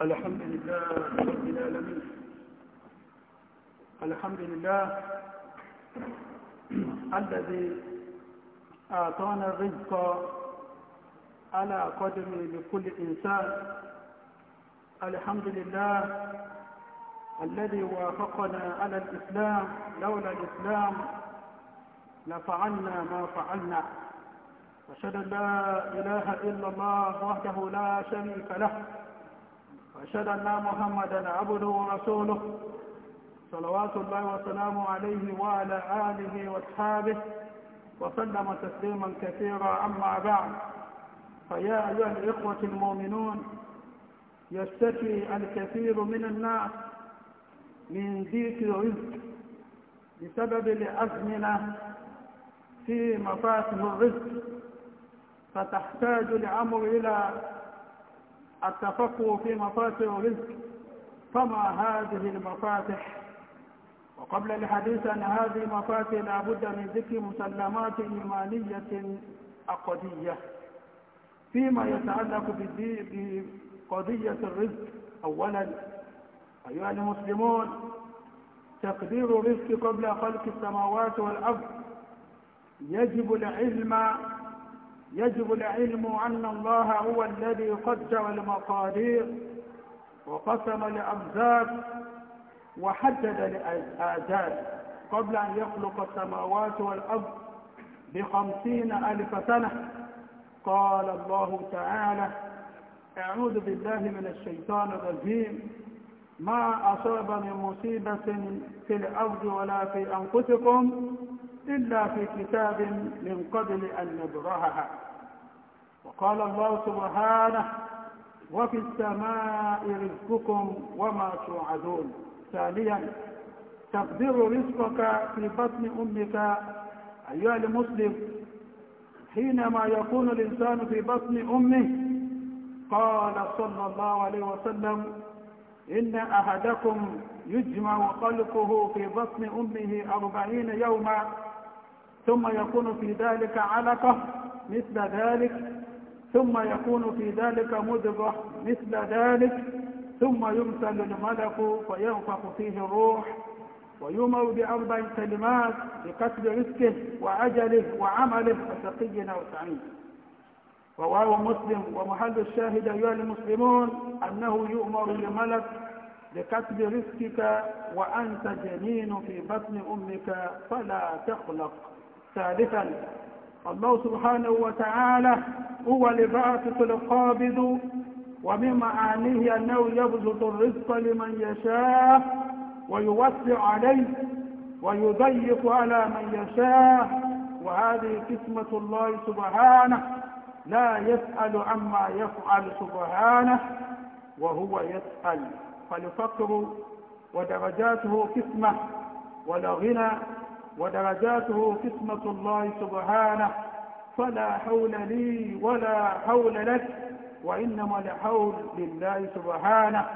الحمد لله رب العالمين الحمد لله الذي أعطانا الرزق على قدر لكل إنسان الحمد لله الذي وافقنا على الإسلام لولا الإسلام لفعلنا ما فعلنا واشهد ان لا اله الا الله وحده لا شريك له وأشهد أن محمدا عبده ورسوله صلوات الله وسلامه عليه وعلى آله وأصحابه وسلم تسليما كثيرا أما بعد فيا أيها الإخوة المؤمنون يشتكي الكثير من الناس من ديك الرزق بسبب الأزمنة في مفاتن الرزق فتحتاج الأمر إلى التفقه في مفاتح الرزق فما هذه المفاتح وقبل الحديث أن هذه المفاتح لابد من ذكر مسلمات إيمانية عقدية فيما يتعلق بقضية الرزق أولا أيها المسلمون تقدير الرزق قبل خلق السماوات والأرض يجب العلم يجب العلم أن الله هو الذي قدر المقادير وقسم الأرزاق وحدد الآجال قبل أن يخلق السماوات والأرض بخمسين ألف سنة قال الله تعالى أعوذ بالله من الشيطان الرجيم ما أصاب من مصيبة في الأرض ولا في أنفسكم إلا في كتاب من قبل أن نبرهها وقال الله سبحانه وفي السماء رزقكم وما توعدون ثانيا تقدير رزقك في بطن أمك أيها المسلم حينما يكون الإنسان في بطن أمه قال صلى الله عليه وسلم إن أحدكم يجمع خلقه في بطن أمه أربعين يوما ثم يكون في ذلك علقة مثل ذلك ثم يكون في ذلك مذبة مثل ذلك ثم يمثل الملك وينفخ فيه الروح ويمر بأربع كلمات بقتل رزقه وعجله وعمله أو سعيد رواه مسلم ومحل الشاهد أيها المسلمون أنه يؤمر الملك بقتل رزقك وأنت جنين في بطن أمك فلا تخلق ثالثا الله سبحانه وتعالى هو الباعث القابض ومن معانيه أنه يبسط الرزق لمن يشاء ويوسع عليه ويضيق على من يشاء وهذه قسمة الله سبحانه لا يسأل عما يفعل سبحانه وهو يسأل فالفقر ودرجاته قسمة ولا غنى ودرجاته قسمة الله سبحانه فلا حول لي ولا حول لك وإنما الحول لله سبحانه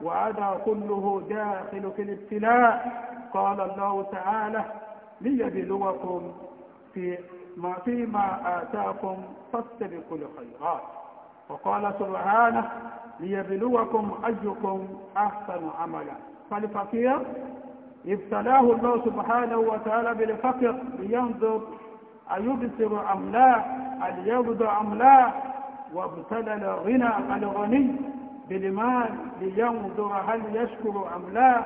وهذا كله داخل في الابتلاء قال الله تعالى ليبلوكم في ما فيما آتاكم فاستبقوا الخيرات وقال سبحانه ليبلوكم أيكم أحسن عملا فالفقير ابتلاه الله سبحانه وتعالى بالفقر لينظر أيبصر أم لا هل يبدع أم لا وابتلى الغنى الغني بالمال لينظر هل يشكر أم لا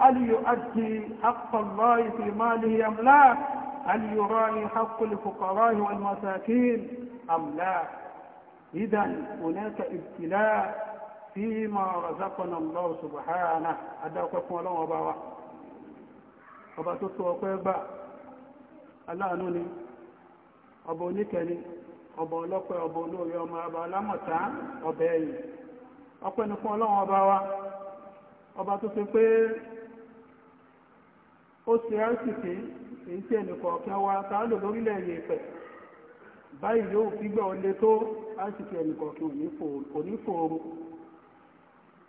هل يؤدي حق الله في ماله أم لا هل يراعي حق الفقراء والمساكين أم لا إذا هناك ابتلاء فيما رزقنا الله سبحانه هذا هو قول ọba tó tó ọpẹ́ gbà aláàánú ni ọba oníkẹni ọba ọlọ́pẹ́ ọba ọmọ ọba alámọ̀tá ọbẹ̀ ẹ̀yìn ọpẹ́ fún ọlọ́run ọba wa ọba tó ṣe pé ó ṣe rcp èyí tí ẹnìkọ̀ọ̀kan wa sáàlò lórílẹ̀ èyí pẹ̀ báyìí yóò ọlẹ́ tó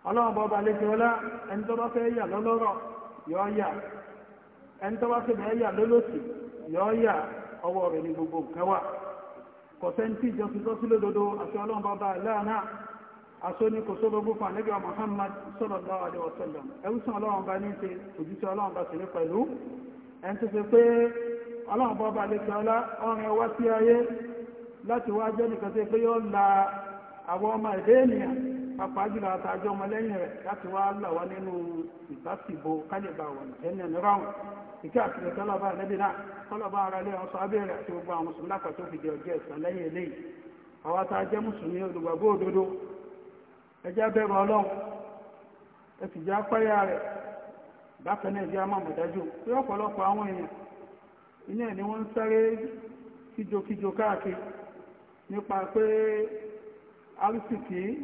ọlọ́run ọlá ẹni tó bá fẹ́ yà lọ́lọ́rọ̀ yọ yà ẹni tó bá ṣe bẹ̀rẹ̀ yà lólòsì yọ yà ọwọ́ rẹ̀ ní gbogbo nǹkan wà kọ̀sẹ́ntì ìjọsìn tó sí lódodo àti aṣọ ní kò só gbogbo fún Muhammad sallallahu alaihi wasallam ẹ̀rù sàn ọlọ́run bá ní ṣe òjíṣẹ́ ọlọ́run bá sì ní pẹ̀lú ẹni tó ṣe pé ọlọ́run bàbá àlejò ọlá ọrìn ọwá sí apájùlọ àtàjọ ọmọlẹ́yìn rẹ̀ láti wá là wá nínú ìbáṣìbò kálíbà wà lẹ́nà nírọ̀rùn ìkẹ́ nke ìtọ́lọ́bà lẹ́bí náà tọ́lọ́bà ara lé ọ̀sọ́ abẹ́rẹ́ àti gbogbo àwọn mùsùlùmí lápá tó fi ọjọ́ lẹ́yìn eléyìí àwa tá a jẹ́ mùsùlùmí olùgbàgbọ́ òdodo ẹjẹ́ ọlọ́run ẹ apáyà rẹ̀ bákan náà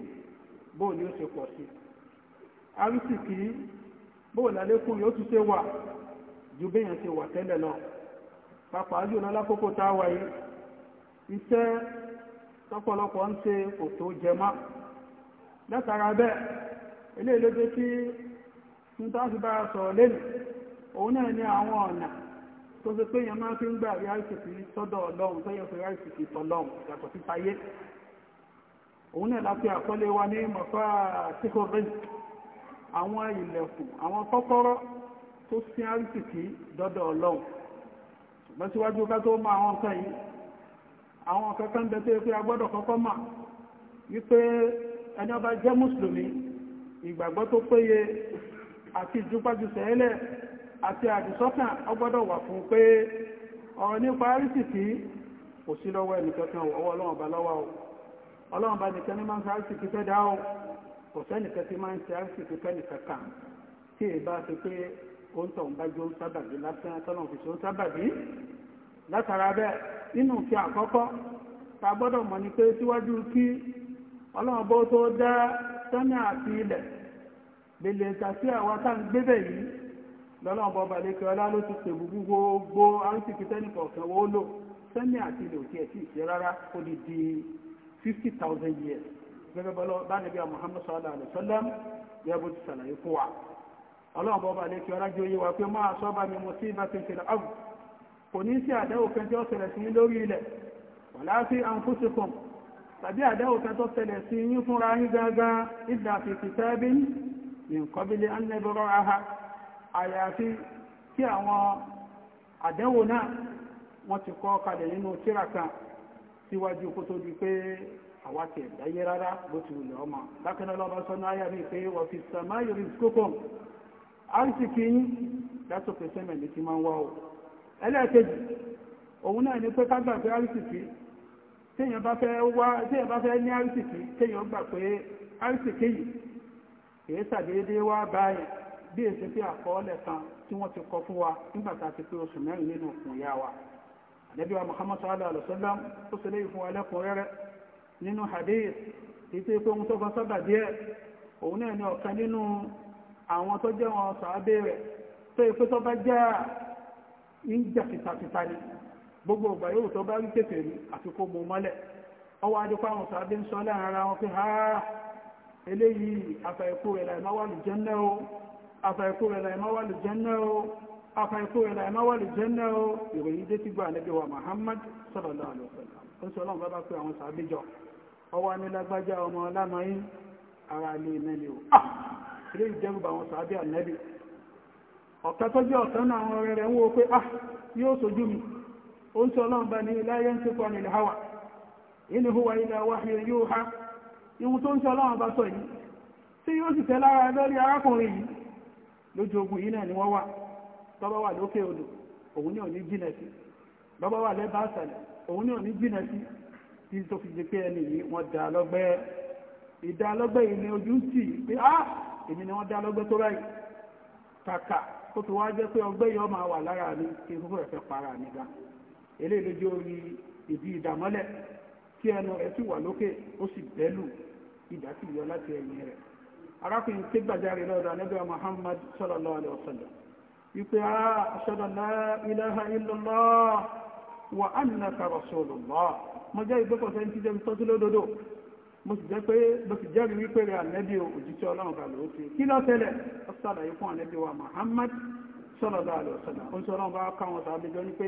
bóò ni ó ṣe pọ̀ sí arísìkì bóò lálékún yóò tún ṣe wà ju béèyàn ṣe wà tẹ́lẹ̀ lọ pàápàá jùlọ lákòókò tá a wà iṣẹ́ tọ́pọ̀lọpọ̀ ń ṣe kò tó jẹ mọ́ látara bẹ́ẹ̀ eléyìí ló dé tí tuntun bára sọ̀rọ̀ lẹ́nu òun náà ní àwọn ọ̀nà tó ṣe pé máa fi ń gbà rí àìsìkì sọ́dọ̀ ọlọ́run òun náà láti àkọlé wa ní mọ̀fá tíkò rẹ̀ àwọn ilẹ̀kùn àwọn kọ́kọ́rọ́ tó sí àrísìkí dọ́dọ̀ ọlọ́run ṣùgbọ́n síwájú ká tó máa wọn kan yìí àwọn kankan bẹ tó pé agbọ́dọ̀ kọ́kọ́ mà wípé ẹni ọba jẹ́ mùsùlùmí ìgbàgbọ́ tó péye àti ìjúpájú sẹ́lẹ̀ àti àdìsọ́kàn ọgbọ́dọ̀ wà fún pé ọ̀rọ̀ nípa àrísìkí kò sí lọ́wọ́ ẹnìkankan ọwọ́ ọlọ́run ọba lọ́wọ́ ọlọ́run bá nìkan ní máa ń sáàrìsì kí fẹ́ dáhùn kò sẹ́nìkan tí máa ń sáàrìsì kí fẹ́ nìkan kàn tí èyí bá ti pé ó ń tọ̀ ń bá jó ń sábàbí lásán tọ́nà òfìsì ó ń sábàbí látara bẹ́ẹ̀ nínú fi àkọ́kọ́ ta gbọ́dọ̀ mọ̀ ni pé síwájú kí ọlọ́run bó tó dá sẹ́nà àti ilẹ̀ lèlè tàbí àwọn tá à ń gbébẹ̀ yìí lọ́lọ́run bọ́ balẹ̀ kí ọlá ló ti pè gbogbo gbogbo fifty thousand years gẹ́gẹ́ bọ́lá bánibí à muhammad sallallahu alayhi wa sallam yẹ bó ti sàlàyé fún wa ọlọ́run bọ́ba lè kí ọlájú yé wa pé máa sọ bá mi mo sí ibà tuntun lọ ọ̀hún kò ní sí àdáwò kan tí ó ṣẹlẹ̀ sí lórí ilẹ̀ wàlá sí àǹfóṣekùn tàbí àdáwò kan tó ṣẹlẹ̀ sí yín fúnra yín gángan ìdá fi kìtàbí nǹkan bí lè ánẹ́bọ̀rọ̀ aha àyàfi kí àwọn àdáwò náà wọ́n ti kọ́ kalẹ̀ nínú tírà kan síwájú kó tó di pé àwa tẹ̀ dáyé rárá bó ti wùlẹ̀ ọmọ bákan na ayà mi pé wọ́n fi sàmá yorì kókò àrísìkì yín yàtọ̀ pé sẹ́mẹ̀ máa ń wá o ẹlẹ́ẹ̀kejì òun náà ní pé ká gbà pé téèyàn bá fẹ́ wá téèyàn bá fẹ́ ní téèyàn gbà pé yìí kìí wá báyìí bí èsì pé àkọọ́lẹ̀ kan tí wọ́n ti kọ fún wa nígbà tá a ti pé oṣù mẹ́rin nínú ìyá wa ànábì wa muhammad sallallahu alaihi wasallam ó sì léyìn fún ẹlẹ́kùnrẹ́rẹ́ nínú hadith títí pé ohun tó fa sábà díẹ̀ òun náà ni ọ̀kan nínú àwọn tó jẹ́ wọn sàábé rẹ̀ tó yẹ pé tó bá já ìjà fìtafìta ni gbogbo ìgbà yóò tó bá rí kékeré àti kó mú mọ́lẹ̀ ọwọ́ adépa àwọn sàábé ń sọ láàrin ara wọn pé ha eléyìí afẹ́kù rẹ̀ láìmáwá lù jẹ́ náà o afẹ́kù rẹ̀ láìmáwá lù jẹ́ náà o aka ìrìn àmáwà lè jẹ́ náà ìròyìn dé ti gba Muhammad sallallahu alaihi wasallam ó sì ọlọ́run bábá àwọn sàbíjọ ọwọ́ ní ọmọ ọlámọ́yìn ara lè o ilé ìjẹ́rùbà àwọn sàbí ọ̀kẹ́ tó jẹ́ náà àwọn ń wo pé ah yóò sojú mi ó ń sọ ọlọ́run bá ní huwa ihun tó ń sọ ọlọ́run bá sọ yìí tí yóò sì tẹ́ lára lórí bàbá wà lókè odò òun ní òní jìnà sí bàbá wà lẹ́bà àṣàlẹ̀ òun ní òní jìnà sí tí tó fi jẹ́ pé ẹni yìí wọ́n dá lọ́gbẹ́ ìdá lọ́gbẹ́ yìí ni ojú ń tì pé á èmi ni wọ́n dá lọ́gbẹ́ tó báyìí kàkà kó fi wá jẹ́ pé ọgbẹ́ yìí ọmọ wà lára mi kí fúfú rẹ̀ fẹ́ para mi ga eléyìí lójú orí ìdí ìdàmọ́lẹ̀ tí ẹnu rẹ̀ sì wà lókè ó sì bẹ́lù ìdá sì yọ láti ẹ̀yìn rẹ̀ arákùnrin tí gbàjáre lọ́dọ̀ anábíà Muhammad sallallahu alaihi wasallam wípé ashhadu an la ilaha illallah wa annaka rasulullah mo jẹ́ ìgbẹ́kọ̀ sẹ́yìn tí jẹ́ tọ́jú lódodo mo sì jẹ́ pé mo sì jẹ́rìí wípé rẹ̀ ànẹ́bí òjíṣẹ́ ọlọ́run bá lòó ti kí ló ṣẹlẹ̀ ó sàlàyé fún ànẹ́bí wa Muhammad sallallahu alaihi wasallam ó ń sọ ọlọ́run bá káwọn sàbí jọ ní pé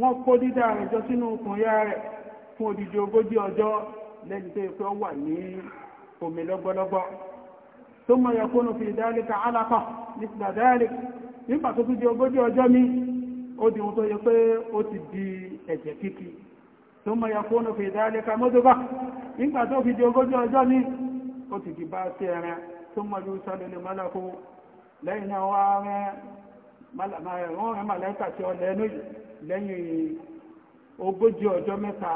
wọ́n kó dídá rẹ̀ sínú okùn ya rẹ̀ fún odidi ogójì ọjọ́ lẹ́ni tó yẹ pé ó wà ní omi lọ́gbọ́lọ́gbọ́ tó mọ̀ yẹ kó mi ó di ohun tó yẹ pé di ẹ̀jẹ̀ kíkì tó mọ̀ yẹ kó di di bá sí ẹran tó mọ̀ yóò sálẹ̀ lè wọ́n rán màláìkà tí ọlẹ́ lẹ́yìn ogójì ọjọ́ mẹ́ta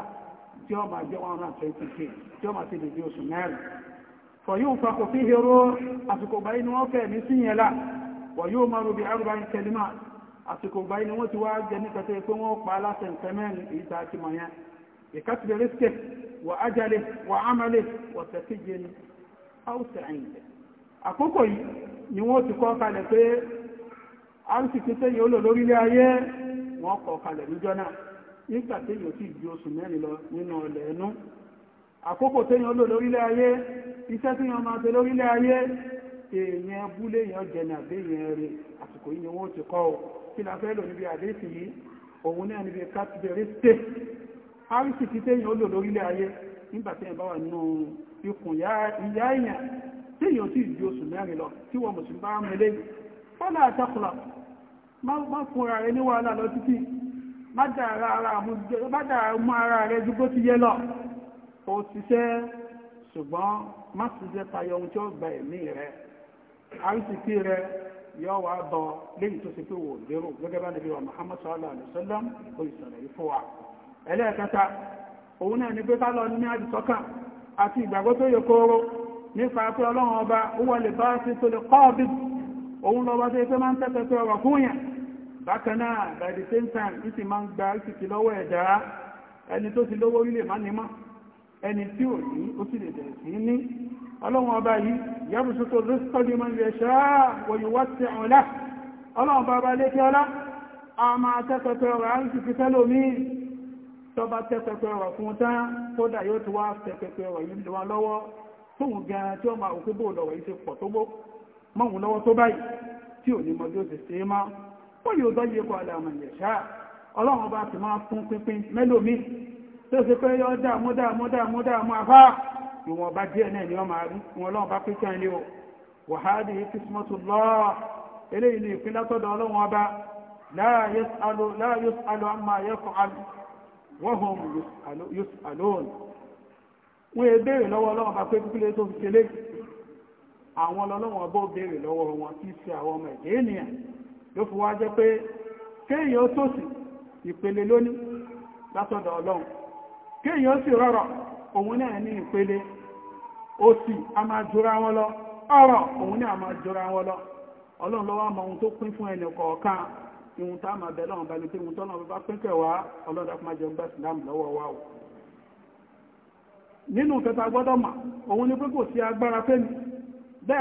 tí ó máa jẹ́ 120k tí ó máa ti dìde oṣù mẹ́rin fọ̀yún fakò fi hero àsìkò báyìí ni wọ́n fẹ́ ní sí yẹn lá wọ̀yún máa rúbi arúgbá ń tẹlímà àsìkò báyìí ni wọ́n ti wá jẹ nípa tó yẹ pé wọ́n àǹtìkì tẹ́yìn olò lórílẹ̀ ayé wọ́n kọ̀ kalẹ̀ níjọ́ náà nígbà tẹ́yìn ò sì ju oṣù mẹ́rin lọ nínú ọlẹ̀ ẹnu àkókò tẹ́yìn olò lórílẹ̀ ayé iṣẹ́ tí wọ́n máa ṣe lórílẹ̀ ayé èèyàn búlé yẹn jẹ̀nà àbẹ́yẹn rẹ̀ àsìkò yìí ni wọ́n ti kọ́ ọ kí la fẹ́ lò níbi àdéhìsì yìí òun náà níbi kátìbẹ̀rẹ̀ tẹ̀ àǹtìkì tẹ́yìn olò lórílẹ̀ ayé nígbà tẹ́yìn bá wà nínú ikùn ìyá èèyàn tẹ́yìn ò sì ju oṣù mẹ́rin lọ tí wọ́n mùsùlùmí bá mẹ́lẹ́yìn fọ́lá àtàkùnlá ma ma rẹ ní wàhálà lọ títí má dára mú ara rẹ ju bó ti lọ o ṣiṣẹ́ ṣùgbọ́n má ṣiṣẹ́ tayọ ohun tí ó gba ẹ̀mí rẹ àrísìkí rẹ yọ wà bọ lẹ́yìn tó ṣe pé wò lérò gẹ́gẹ́ bá níbi wa Muhammad sallallahu alaihi wasallam ó ìṣẹ̀lẹ̀ yìí ẹlẹ́ẹ̀kẹta òun náà ni pé bákan náà by the same time ní ti máa ń gba ìsìnkì lọ́wọ́ ẹ̀dá ẹni tó ti lówó orílẹ̀ má ní mọ́ ẹni tí ò ní ó sì lè bẹ̀rẹ̀ sí ní ọlọ́run ọba yìí yàbùsù tó rẹ́sítọ́lì mọ́ ilẹ̀ ṣáà wòye wá sí ọ̀la ọlọ́run bá bá lékè ọlá a máa tẹ́pẹpẹ ọ̀rọ̀ àìsìnkì fẹ́lòmí tọba tẹ́pẹpẹ ọ̀rọ̀ fún tán kódà yóò ti wá tẹ́pẹpẹ ọ̀rọ̀ yìí lọ́wọ́ lọ́wọ́ tóhun gan tí ó máa òkú bóòlọ̀wọ̀ yìí ṣe pọ̀ tó gbó mọ́hun lọ́wọ́ tó báyìí tí ò ní mọ́ bí ó ti ṣe é máa ó yóò dọ́ yẹ kó aláàmà yẹ̀ ṣáà ọlọ́run ọba ti máa fún pínpín mẹ́lòmí tó ṣe pé yọ dààmú dààmú dààmú dààmú afá ìwọ̀n ọba díẹ̀ náà ni wọ́n máa rí wọn ọlọ́run bá pín kí ẹni o ló fi wá jẹ́ pé kéèyàn tòsí ìpele lónìí látọ̀dọ̀ ọlọ́run kéèyàn sì rọrọ̀ òun náà ní ìpele òsì a máa jura wọn lọ ọrọ̀ òun náà máa jura wọn lọ ọlọ́run ló wá ohun tó pín fún ẹnì kọ̀ọ̀kan ihun tá a máa bẹ̀ balẹ̀ pé